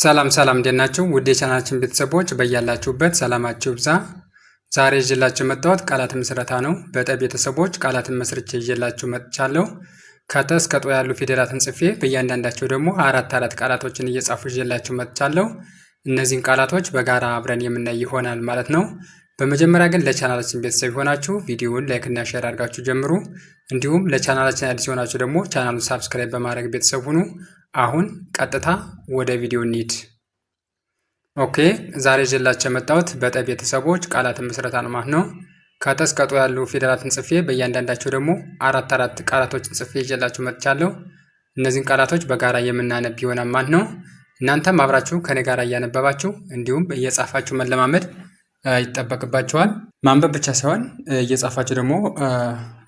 ሰላም ሰላም እንዴት ናችሁ? ውድ የቻናላችን ቤተሰቦች በያላችሁበት ሰላማችሁ ብዛ። ዛሬ ይዤላችሁ መጣሁት ቃላት ምስረታ ነው። በጠ ቤተሰቦች ቃላትን መስርቼ ይዤላችሁ መጥቻለሁ። ከተ እስከ ጦ ያሉ ፊደላትን ጽፌ በእያንዳንዳቸው ደግሞ አራት አራት ቃላቶችን እየጻፉ ይዤላችሁ መጥቻለሁ። እነዚህን ቃላቶች በጋራ አብረን የምናይ ይሆናል ማለት ነው። በመጀመሪያ ግን ለቻናላችን ቤተሰብ የሆናችሁ ቪዲዮውን ላይክ እና ሼር አድርጋችሁ ጀምሩ። እንዲሁም ለቻናላችን አዲስ የሆናችሁ ደግሞ ቻናሉን ሳብስክራይብ በማድረግ ቤተሰብ ሁኑ። አሁን ቀጥታ ወደ ቪዲዮ እንሂድ። ኦኬ ዛሬ ይዤላችሁ የመጣሁት በጠ ቤተሰቦች ቃላትን ምስረታ ነው ማለት ነው። ከጠ እስከ ጦ ያሉ ፊደላትን ጽፌ በእያንዳንዳቸው ደግሞ አራት አራት ቃላቶችን ጽፌ ይዤላችሁ መጥቻለሁ። እነዚህን ቃላቶች በጋራ የምናነብ ይሆናል ማለት ነው። እናንተም አብራችሁ ከኔ ጋር እያነበባችሁ እንዲሁም እየጻፋችሁ መለማመድ ይጠበቅባቸዋል። ማንበብ ብቻ ሳይሆን እየጻፋቸው ደግሞ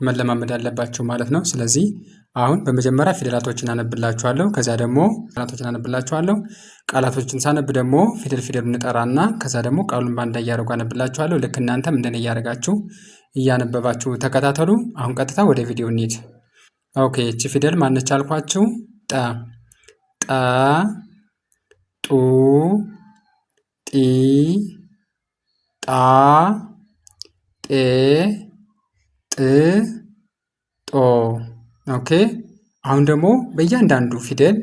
መለማመድ አለባቸው ማለት ነው። ስለዚህ አሁን በመጀመሪያ ፊደላቶችን አነብላችኋለሁ። ከዚያ ደግሞ ቃላቶችን አነብላችኋለሁ። ቃላቶችን ሳነብ ደግሞ ፊደል ፊደሉ እንጠራና ከዛ ደግሞ ቃሉን ባንዳ እያደረጉ አነብላችኋለሁ። ልክ እናንተም እንደኔ እያደረጋችሁ እያነበባችሁ ተከታተሉ። አሁን ቀጥታ ወደ ቪዲዮ እንሂድ። ኦኬ እቺ ፊደል ማነች አልኳችሁ? ጠ ጠ ጡ ጢ ጣ ጤ ጥ ጦ ኦኬ። አሁን ደግሞ በእያንዳንዱ ፊደል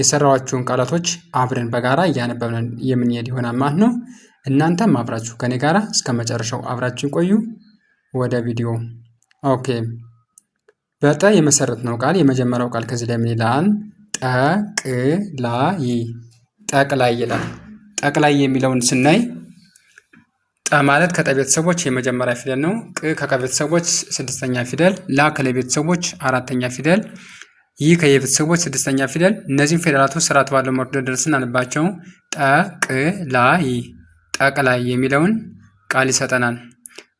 የሰራዋቸውን ቃላቶች አብረን በጋራ እያነበብን የምንሄድ ይሆናል ማለት ነው። እናንተም አብራችሁ ከኔ ጋራ እስከ መጨረሻው አብራችን ቆዩ። ወደ ቪዲዮ ኦኬ። በጠ የመሰረት ነው ቃል የመጀመሪያው ቃል ከዚህ ላይ ምን ይላል? ጠቅላይ ጠቅላይ ይላል። ጠቅላይ የሚለውን ስናይ ጠ ማለት ከጠ ቤተሰቦች የመጀመሪያ ፊደል ነው። ቅ ከቀ ቤተሰቦች ስድስተኛ ፊደል፣ ላ ከለ ቤተሰቦች አራተኛ ፊደል፣ ይ ከየ ቤተሰቦች ስድስተኛ ፊደል። እነዚህም ፊደላቶች ስርዓት ባለው መልኩ ደርድረን ስናነባቸው ጠ ቅ ላ ይ ጠቅላይ የሚለውን ቃል ይሰጠናል።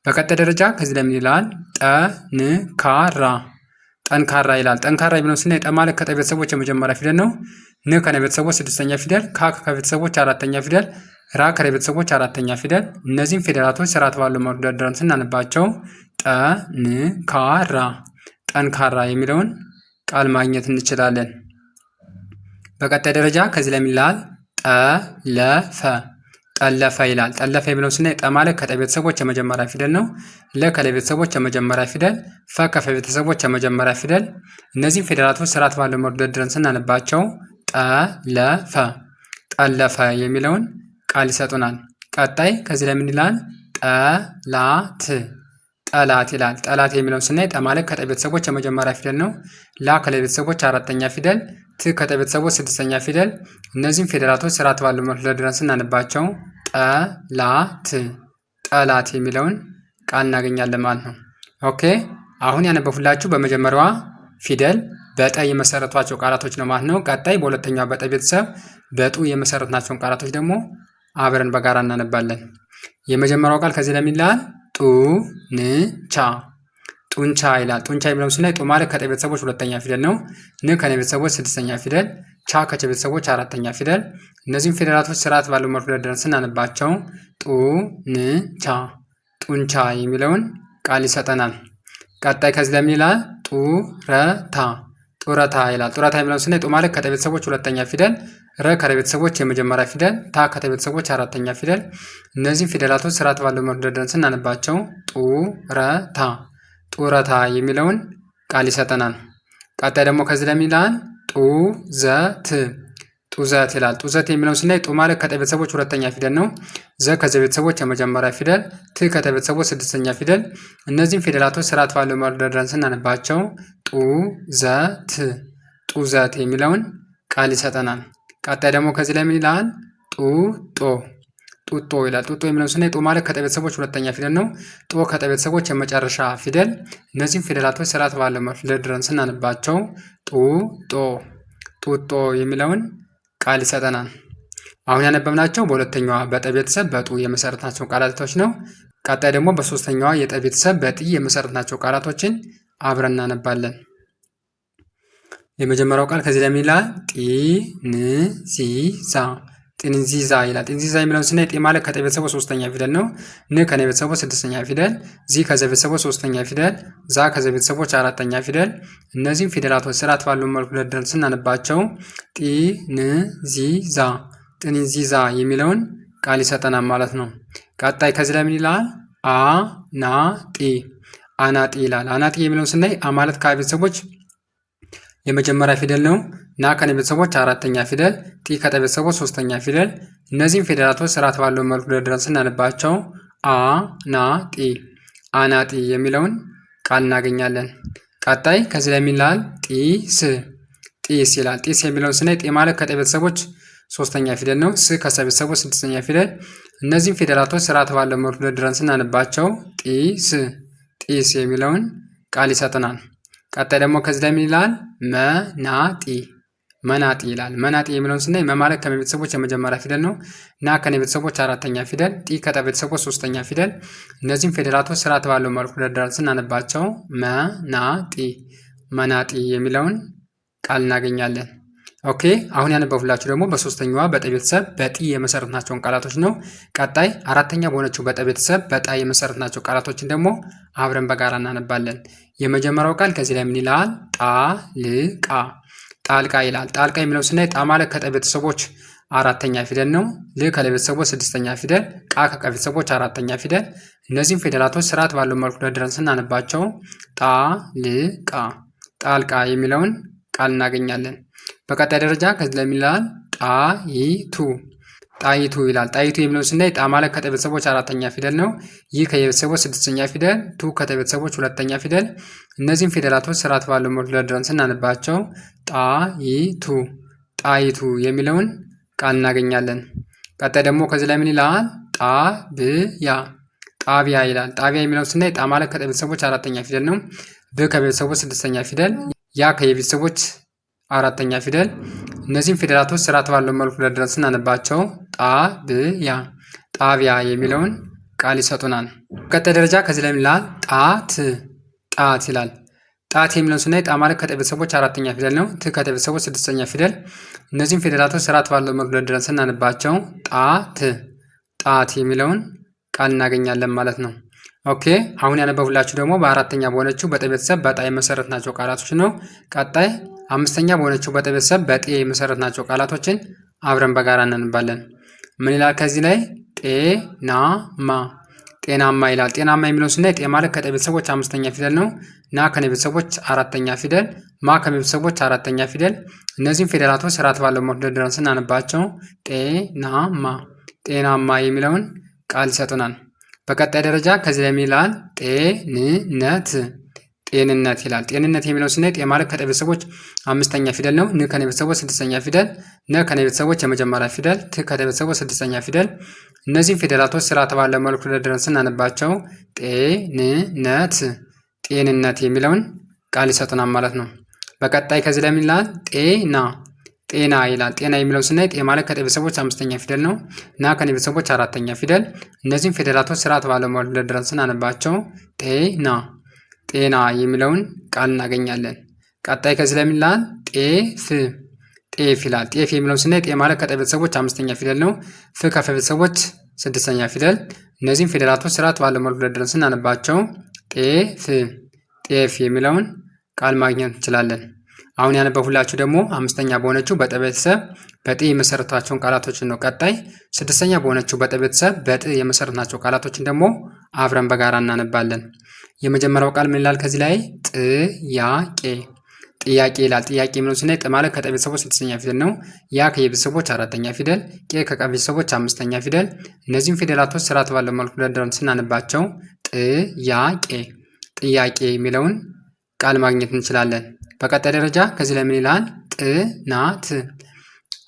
በቀጣይ ደረጃ ከዚህ ለምን ይላል ጠንካራ ጠንካራ ይላል። ጠንካራ የሚለውን ስናይ ጠ ማለት ከጠ ቤተሰቦች የመጀመሪያ ፊደል ነው። ን ቤተሰቦች ስድስተኛ ፊደል ካ ከቤተሰቦች አራተኛ ፊደል ራ ቤተሰቦች አራተኛ ፊደል። እነዚህም ፊደላቶች ስርዓት ባለው መልኩ ደርድረን ስናነባቸው ጠንካራ ጠንካራ የሚለውን ቃል ማግኘት እንችላለን። በቀጣይ ደረጃ ከዚህ ላይ የሚላል ጠለፈ ጠለፈ ይላል። ጠለፈ የሚለውን ስና ጠ ማለት ከጠ ቤተሰቦች የመጀመሪያ ፊደል ነው። ለ ከለ ቤተሰቦች የመጀመሪያ ፊደል፣ ፈ ከፈ ቤተሰቦች የመጀመሪያ ፊደል። እነዚህም ፊደላቶች ስርዓት ባለው መልኩ ደርድረን ስናነባቸው ጠለፈ ጠለፈ የሚለውን ቃል ይሰጡናል። ቀጣይ ከዚህ ለምን ይላል? ጠላት ጠላት ይላል። ጠላት የሚለውን ስናይ ጠ ማለት ከጠ ቤተሰቦች የመጀመሪያ ፊደል ነው። ላ ከለ ቤተሰቦች አራተኛ ፊደል፣ ት ከጠ ቤተሰቦች ስድስተኛ ፊደል። እነዚህም ፊደላቶች ስርዓት ባለው መልኩ ለድረን ስናነባቸው ጠላት ጠላት የሚለውን ቃል እናገኛለን ማለት ነው። ኦኬ አሁን ያነበፉላችሁ በመጀመሪያዋ ፊደል በጠ የመሰረቷቸው ቃላቶች ነው ማለት ነው። ቀጣይ በሁለተኛው በጠ ቤተሰብ በጡ የመሰረትናቸውን ቃላቶች ደግሞ አብረን በጋራ እናነባለን። የመጀመሪያው ቃል ከዚህ ለምን ይላል? ጡንቻ ጡንቻ ይላል። ጡንቻ የሚለውን ስናይ ጡ ማለት ከጠ ቤተሰቦች ሁለተኛ ፊደል ነው። ን ከነ ቤተሰቦች ስድስተኛ ፊደል፣ ቻ ከቸ ቤተሰቦች አራተኛ ፊደል። እነዚህም ፊደላቶች ስርዓት ባለው መልኩ ደርድረን ስናነባቸው ጡንቻ ጡንቻ የሚለውን ቃል ይሰጠናል። ቀጣይ ከዚህ ለምን ይላል? ጡረታ ጡረታ ይላል። ጡረታ የሚለውን ስናይ ጡ ማለት ከተቤተሰቦች ሁለተኛ ፊደል፣ ረ ከተቤተሰቦች የመጀመሪያ ፊደል፣ ታ ከተቤተሰቦች አራተኛ ፊደል። እነዚህም ፊደላቶች ስርዓት ባለው መርደደን ስናነባቸው ጡረታ ጡረታ የሚለውን ቃል ይሰጠናል። ቀጣይ ደግሞ ከዚህ ለሚላን ጡዘት ጡዘት ይላል። ጡዘት የሚለውን ስናይ ጡ ማለት ከጠ ቤተሰቦች ሁለተኛ ፊደል ነው። ዘ ከዘ ቤተሰቦች የመጀመሪያ ፊደል፣ ት ከተ ቤተሰቦች ስድስተኛ ፊደል። እነዚህም ፊደላቶች ስርዓት ባለው መርደርደን ስናነባቸው ጡ ዘት ጡዘት የሚለውን ቃል ይሰጠናል። ቀጣይ ደግሞ ከዚህ ላይ ምን ይላል? ጡ ጦ ጡጦ ይላል። ጡጦ የሚለውን ስናይ ጡ ማለት ከጠ ቤተሰቦች ሁለተኛ ፊደል ነው። ጦ ከጠ ቤተሰቦች የመጨረሻ ፊደል። እነዚህም ፊደላቶች ስርዓት ባለው መርደርደን ስናነባቸው ጡ ጦ ጡጦ የሚለውን ቃል ይሰጠናል። አሁን ያነበብናቸው በሁለተኛዋ በጠ ቤተሰብ በጡ የመሰረትናቸው ቃላቶች ነው። ቀጣይ ደግሞ በሶስተኛዋ የጠ ቤተሰብ በጢ የመሰረትናቸው ቃላቶችን አብረን እናነባለን። የመጀመሪያው ቃል ከዚህ ለሚላ ጢ ን ሲ ሳ ጤንዚዛ ይላል። ጤንዚዛ የሚለውን ስናይ ጤ ማለት ከጤ ቤተሰቦ ሶስተኛ ፊደል ነው። ን ከነ ስድስተኛ ፊደል፣ ዚ ከዘ ሶስተኛ ፊደል፣ ዛ ከዘ ቤተሰቦች አራተኛ ፊደል። እነዚህም ፊደላቶች ስርዓት ባለው መልኩ ደርድረን ስናነባቸው ጤንዚዛ ጥንዚዛ የሚለውን ቃል ይሰጠናል ማለት ነው። ቀጣይ ከዚህ ላይ ምን ይላል? ጢ አናጢ ይላል። አናጢ የሚለውን ስናይ አ ማለት ከቤተሰቦች የመጀመሪያ ፊደል ነው። ና ከነ ቤተሰቦች አራተኛ ፊደል፣ ጢ ከጠ ቤተሰቦች ሶስተኛ ፊደል። እነዚህም ፊደላቶች ስርዓት ባለው መልኩ ደርድረን ስናነባቸው አ ና ጢ አና ጢ የሚለውን ቃል እናገኛለን። ቀጣይ ከዚህ ላይ የሚላል ጢስ ጢስ ይላል። ጢስ የሚለውን ስናይ ጢ ማለት ከጠ ቤተሰቦች ሶስተኛ ፊደል ነው። ስ ከሰ ቤተሰቦች ስድስተኛ ፊደል። እነዚህም ፊደላቶች ስርዓት ባለው መልኩ ደርድረን ስናነባቸው ጢስ ጢስ የሚለውን ቃል ይሰጥናል። ቀጣይ ደግሞ ከዚህ ላይ ምን ይላል? መናጢ መናጢ ይላል። መናጢ የሚለውን ስናይ መማለት ከመ ቤተሰቦች የመጀመሪያ ፊደል ነው። ና ከነ ቤተሰቦች አራተኛ ፊደል፣ ጢ ከጠ ቤተሰቦች ሶስተኛ ፊደል። እነዚህም ፊደላቶች ስርዓት ባለው መልኩ ደርድረን ስናነባቸው መናጢ መናጢ የሚለውን ቃል እናገኛለን። ኦኬ አሁን ያነበብኩላችሁ ደግሞ በሶስተኛዋ በጠ ቤተሰብ በጢ የመሰረትናቸውን ቃላቶች ነው። ቀጣይ አራተኛ በሆነችው በጠ ቤተሰብ በጣ የመሰረትናቸው ቃላቶችን ደግሞ አብረን በጋራ እናነባለን። የመጀመሪያው ቃል ከዚህ ላይ ምን ይላል? ጣልቃ ጣልቃ ይላል። ጣልቃ የሚለው ስናይ ጣ ማለት ከጠ ቤተሰቦች አራተኛ ፊደል ነው። ል ከለ ቤተሰቦች ስድስተኛ ፊደል፣ ቃ ከቀ ቤተሰቦች አራተኛ ፊደል። እነዚህም ፊደላቶች ስርዓት ባለው መልኩ ደርድረን ስናነባቸው ጣልቃ ጣልቃ የሚለውን ቃል እናገኛለን። በቀጣይ ደረጃ ከዚህ ላይ የሚላል ጣይቱ ጣይቱ ይላል። ጣይቱ የሚለውን ስናይ ጣ ማለት ከጠ ቤተሰቦች አራተኛ ፊደል ነው። ይህ ከየቤተሰቦች ስድስተኛ ፊደል፣ ቱ ከጠ ቤተሰቦች ሁለተኛ ፊደል። እነዚህም ፊደላቶች ስርዓት ባለው መልኩ ደርድረን ስናነባቸው ጣይቱ ጣይቱ የሚለውን ቃል እናገኛለን። ቀጣይ ደግሞ ከዚህ ላይ ምን ይላል? ጣብያ ጣቢያ ይላል። ጣቢያ የሚለውን ስናይ ጣ ማለት ከጠ ቤተሰቦች አራተኛ ፊደል ነው። ብ ከቤተሰቦች ስድስተኛ ፊደል፣ ያ ከየቤተሰቦች አራተኛ ፊደል። እነዚህም ፊደላቶች ስርዓት ባለው መልኩ ደርድረን ስናነባቸው ጣብያ ጣቢያ የሚለውን ቃል ይሰጡናል። ቀጣይ ደረጃ ከዚህ ላይ ይላል ጣት ጣት ይላል። ጣት የሚለውን ስናይ ጣ ማለት ከጠ ቤተሰቦች አራተኛ ፊደል ነው። ት ከጠ ቤተሰቦች ስድስተኛ ፊደል። እነዚህም ፊደላቶች ስርዓት ባለው መልኩ ደርድረን ስናነባቸው ጣት ጣት የሚለውን ቃል እናገኛለን ማለት ነው። ኦኬ አሁን ያነበቡላችሁ ደግሞ በአራተኛ በሆነችው በጠ ቤተሰብ በጣ የመሰረት ናቸው ቃላቶች ነው። ቀጣይ አምስተኛ በሆነችው በጠ ቤተሰብ በጤ ናቸው ቃላቶችን አብረን በጋራ እናንባለን። ምን ይላል ከዚህ ላይ? ጤናማ ጤናማ ይላል። ጤናማ የሚለውን ስናይ ጤ ማለት ከጠ ቤተሰቦች አምስተኛ ፊደል ነው። ና ከነ ቤተሰቦች አራተኛ ፊደል፣ ማ ከመ ቤተሰቦች አራተኛ ፊደል። እነዚህም ፊደላቶች ስርዓት ባለው መልኩ ደርድረን ስናነባቸው ጤናማ ጤናማ የሚለውን ቃል ይሰጡናል። በቀጣይ ደረጃ ከዚህ ላይ ምን ይላል? ጤንነት ጤንነት ይላል። ጤንነት የሚለው ስንሄድ የማለት ከጠ ቤተሰቦች አምስተኛ ፊደል ነው። ን ከነ ቤተሰቦች ስድስተኛ ፊደል፣ ነ ከነ ቤተሰቦች የመጀመሪያ ፊደል፣ ት ከነ ቤተሰቦች ስድስተኛ ፊደል። እነዚህም ፊደላቶች ስራ ተባለ መልኩ ደርድረን ስናነባቸው ጤንነት ጤንነት የሚለውን ቃል ይሰጡናል ማለት ነው። በቀጣይ ከዚህ ላይ ይላል? ጤና ጤና ይላል። ጤና የሚለው ስናይ ጤ ማለት ከጤ ቤተሰቦች አምስተኛ ፊደል ነው። ና ከኔ ቤተሰቦች አራተኛ ፊደል። እነዚህም ፊደላቶች ስርዓት ባለው መልኩ ደርድረን ስናነባቸው ጤና ጤና የሚለውን ቃል እናገኛለን። ቀጣይ ከዚህ ላይ ጤፍ ጤፍ ይላል። ጤፍ የሚለውን ስናይ ጤ ማለት ከጠ ቤተሰቦች አምስተኛ ፊደል ነው። ፍ ከፈ ቤተሰቦች ስድስተኛ ፊደል። እነዚህም ፊደላቶች ስርዓት ባለው መልኩ ደርድረን ስናነባቸው ጤፍ ጤፍ የሚለውን ቃል ማግኘት እንችላለን። አሁን ያነበብሁላችሁ ደግሞ አምስተኛ በሆነችው በጠ ቤተሰብ በጥ የመሰረትናቸውን ቃላቶችን ነው። ቀጣይ ስድስተኛ በሆነችው በጠ ቤተሰብ በጥ የመሰረትናቸው ቃላቶችን ደግሞ አብረን በጋራ እናነባለን። የመጀመሪያው ቃል ምን ይላል? ከዚህ ላይ ጥያቄ ጥያቄ ይላል። ጥያቄ የሚለው ስናይ ጥ ማለት ከጠ ቤተሰቦች ስድስተኛ ፊደል ነው። ያ ከየቤተሰቦች አራተኛ ፊደል፣ ቄ ከቀ ቤተሰቦች አምስተኛ ፊደል። እነዚህም ፊደላቶች ስርዓት ባለው መልኩ ደርድረን ስናነባቸው ጥያቄ ጥያቄ የሚለውን ቃል ማግኘት እንችላለን። በቀጣይ ደረጃ ከዚህ ላይ ምን ይላል? ጥናት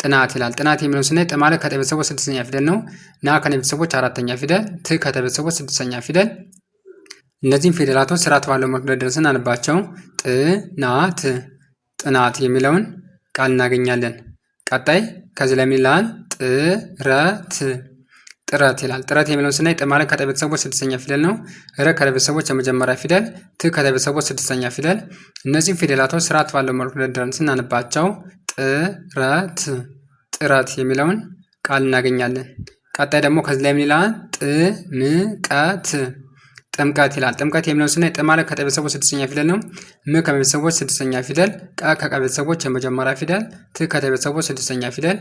ጥናት ይላል። ጥናት የሚለውን ስናይ ጥ ማለት ከጠ ቤተሰቦች ስድስተኛ ፊደል ነው። ና ከነ ቤተሰቦች አራተኛ ፊደል፣ ት ከተ ቤተሰቦች ስድስተኛ ፊደል። እነዚህም ፊደላቶች ስርዓት ባለው መልኩ ደርሰን አነባቸው። ጥናት ጥናት የሚለውን ቃል እናገኛለን። ቀጣይ ከዚህ ላይ ምን ይላል? ጥረት ጥረት ይላል። ጥረት የሚለውን ስናይ ጥ ከጠ ቤተሰቦች ስድስተኛ ፊደል ነው። ረ ከረ ቤተሰቦች የመጀመሪያ ፊደል፣ ት ከተ ቤተሰቦች ስድስተኛ ፊደል። እነዚህም ፊደላቶች ስርዓት ባለው መልኩ ደርድረን ስናንባቸው ጥረት ጥረት የሚለውን ቃል እናገኛለን። ቀጣይ ደግሞ ከዚህ ላይ ምን ይላል? ጥምቀት ጥምቀት ይላል። ጥምቀት የሚለውን ስናይ ጥ ማለት ከጠ ቤተሰቦች ስድስተኛ ፊደል ነው። ም ከቤተሰቦች ስድስተኛ ፊደል፣ ቀ ከቀ ቤተሰቦች የመጀመሪያ ፊደል፣ ት ከተ ቤተሰቦች ስድስተኛ ፊደል።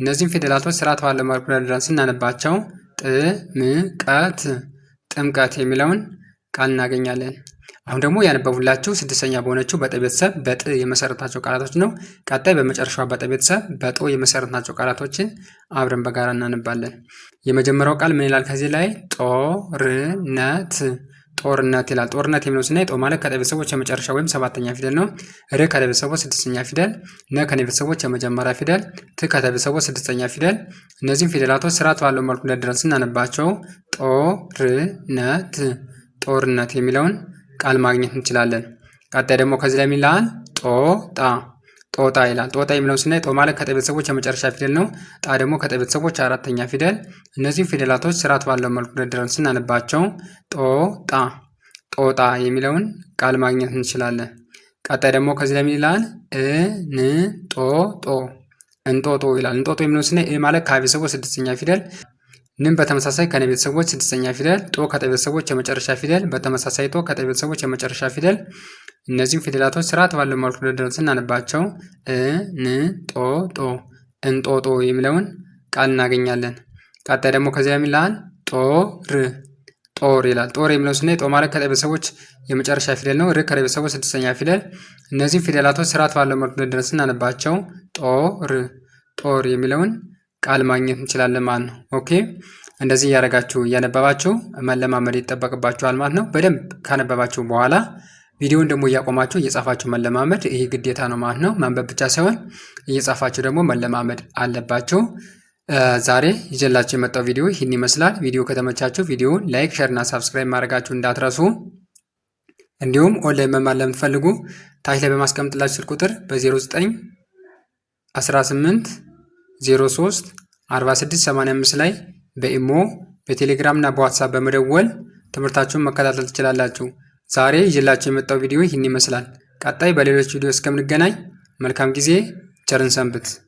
እነዚህም ፊደላቶች ስርዓት ባለው መልኩ ደርድረን ስናነባቸው ጥምቀት ጥምቀት የሚለውን ቃል እናገኛለን። አሁን ደግሞ ያነበቡላችሁ ስድስተኛ በሆነችው በጠ ቤተሰብ በጥ የመሰረትናቸው ቃላቶች ነው። ቀጣይ በመጨረሻው በጠ ቤተሰብ በጦ የመሰረትናቸው ቃላቶችን አብረን በጋራ እናነባለን። የመጀመሪያው ቃል ምን ይላል? ከዚህ ላይ ጦርነት ጦርነት ይላል። ጦርነት የሚለው ስናይ ጦ ማለት ከጠ ቤተሰቦች የመጨረሻ ወይም ሰባተኛ ፊደል ነው። ር ከደ ቤተሰቦች ስድስተኛ ፊደል፣ ነ ከነ ቤተሰቦች የመጀመሪያ ፊደል፣ ት ከተ ቤተሰቦች ስድስተኛ ፊደል። እነዚህም ፊደላቶች ስርዓት ባለው መልኩ ደርድረን ስናነባቸው ጦርነት ጦርነት የሚለውን ቃል ማግኘት እንችላለን። ቀጣይ ደግሞ ከዚህ ላይ ሚላል ጦጣ ጦጣ ይላል። ጦጣ የሚለውን ስናይ ጦ ማለት ከጠ ቤተሰቦች የመጨረሻ ፊደል ነው። ጣ ደግሞ ከጠ ቤተሰቦች አራተኛ ፊደል። እነዚህም ፊደላቶች ስርዓት ባለው መልኩ ደርድረን ስናነባቸው ጦጣ ጦጣ የሚለውን ቃል ማግኘት እንችላለን። ቀጣይ ደግሞ ከዚህ ላይ ምን ይላል? እንጦጦ እንጦጦ ይላል። እንጦጦ የሚለውን ስናይ ማለት ከቤተሰቦች ስድስተኛ ፊደል ንም በተመሳሳይ ከነ ቤተሰቦች ስድስተኛ ፊደል፣ ጦ ከጠ ቤተሰቦች የመጨረሻ ፊደል፣ በተመሳሳይ ጦ ከጠ ቤተሰቦች የመጨረሻ ፊደል። እነዚህም ፊደላቶች ስርዓት ባለው መልኩ ደርድረን ስናነባቸው እ ን ጦ ጦ እንጦጦ የሚለውን ቃል እናገኛለን። ቀጣይ ደግሞ ከዚያ የሚላል ጦር ጦር ይላል። ጦር የሚለው ስናይ ጦ ማለት ከጠ ቤተሰቦች የመጨረሻ ፊደል ነው። ር ከረ ቤተሰቦች ስድስተኛ ፊደል። እነዚህም ፊደላቶች ስርዓት ባለው መልኩ ደርድረን ስናነባቸው ጦር ጦር የሚለውን ቃል ማግኘት እንችላለን ማለት ነው። ኦኬ እንደዚህ እያደረጋችሁ እያነበባችሁ መለማመድ ይጠበቅባችኋል ማለት ነው። በደንብ ካነበባችሁ በኋላ ቪዲዮን ደግሞ እያቆማችሁ እየጻፋችሁ መለማመድ ይሄ ግዴታ ነው ማለት ነው። ማንበብ ብቻ ሳይሆን እየጻፋችሁ ደግሞ መለማመድ አለባችሁ። ዛሬ ይዤላችሁ የመጣው ቪዲዮ ይህን ይመስላል። ቪዲዮ ከተመቻችሁ ቪዲዮን ላይክ፣ ሸር እና ሳብስክራይብ ማድረጋችሁ እንዳትረሱ። እንዲሁም ኦንላይን መማር ለምትፈልጉ ታች ላይ በማስቀምጥላችሁ ስልክ ቁጥር በ 0918 03 4685 ላይ በኢሞ በቴሌግራም እና በዋትሳፕ በመደወል ትምህርታችሁን መከታተል ትችላላችሁ። ዛሬ ይዤላችሁ የመጣው ቪዲዮ ይህን ይመስላል። ቀጣይ በሌሎች ቪዲዮ እስከምንገናኝ መልካም ጊዜ፣ ቸርን ሰንብት።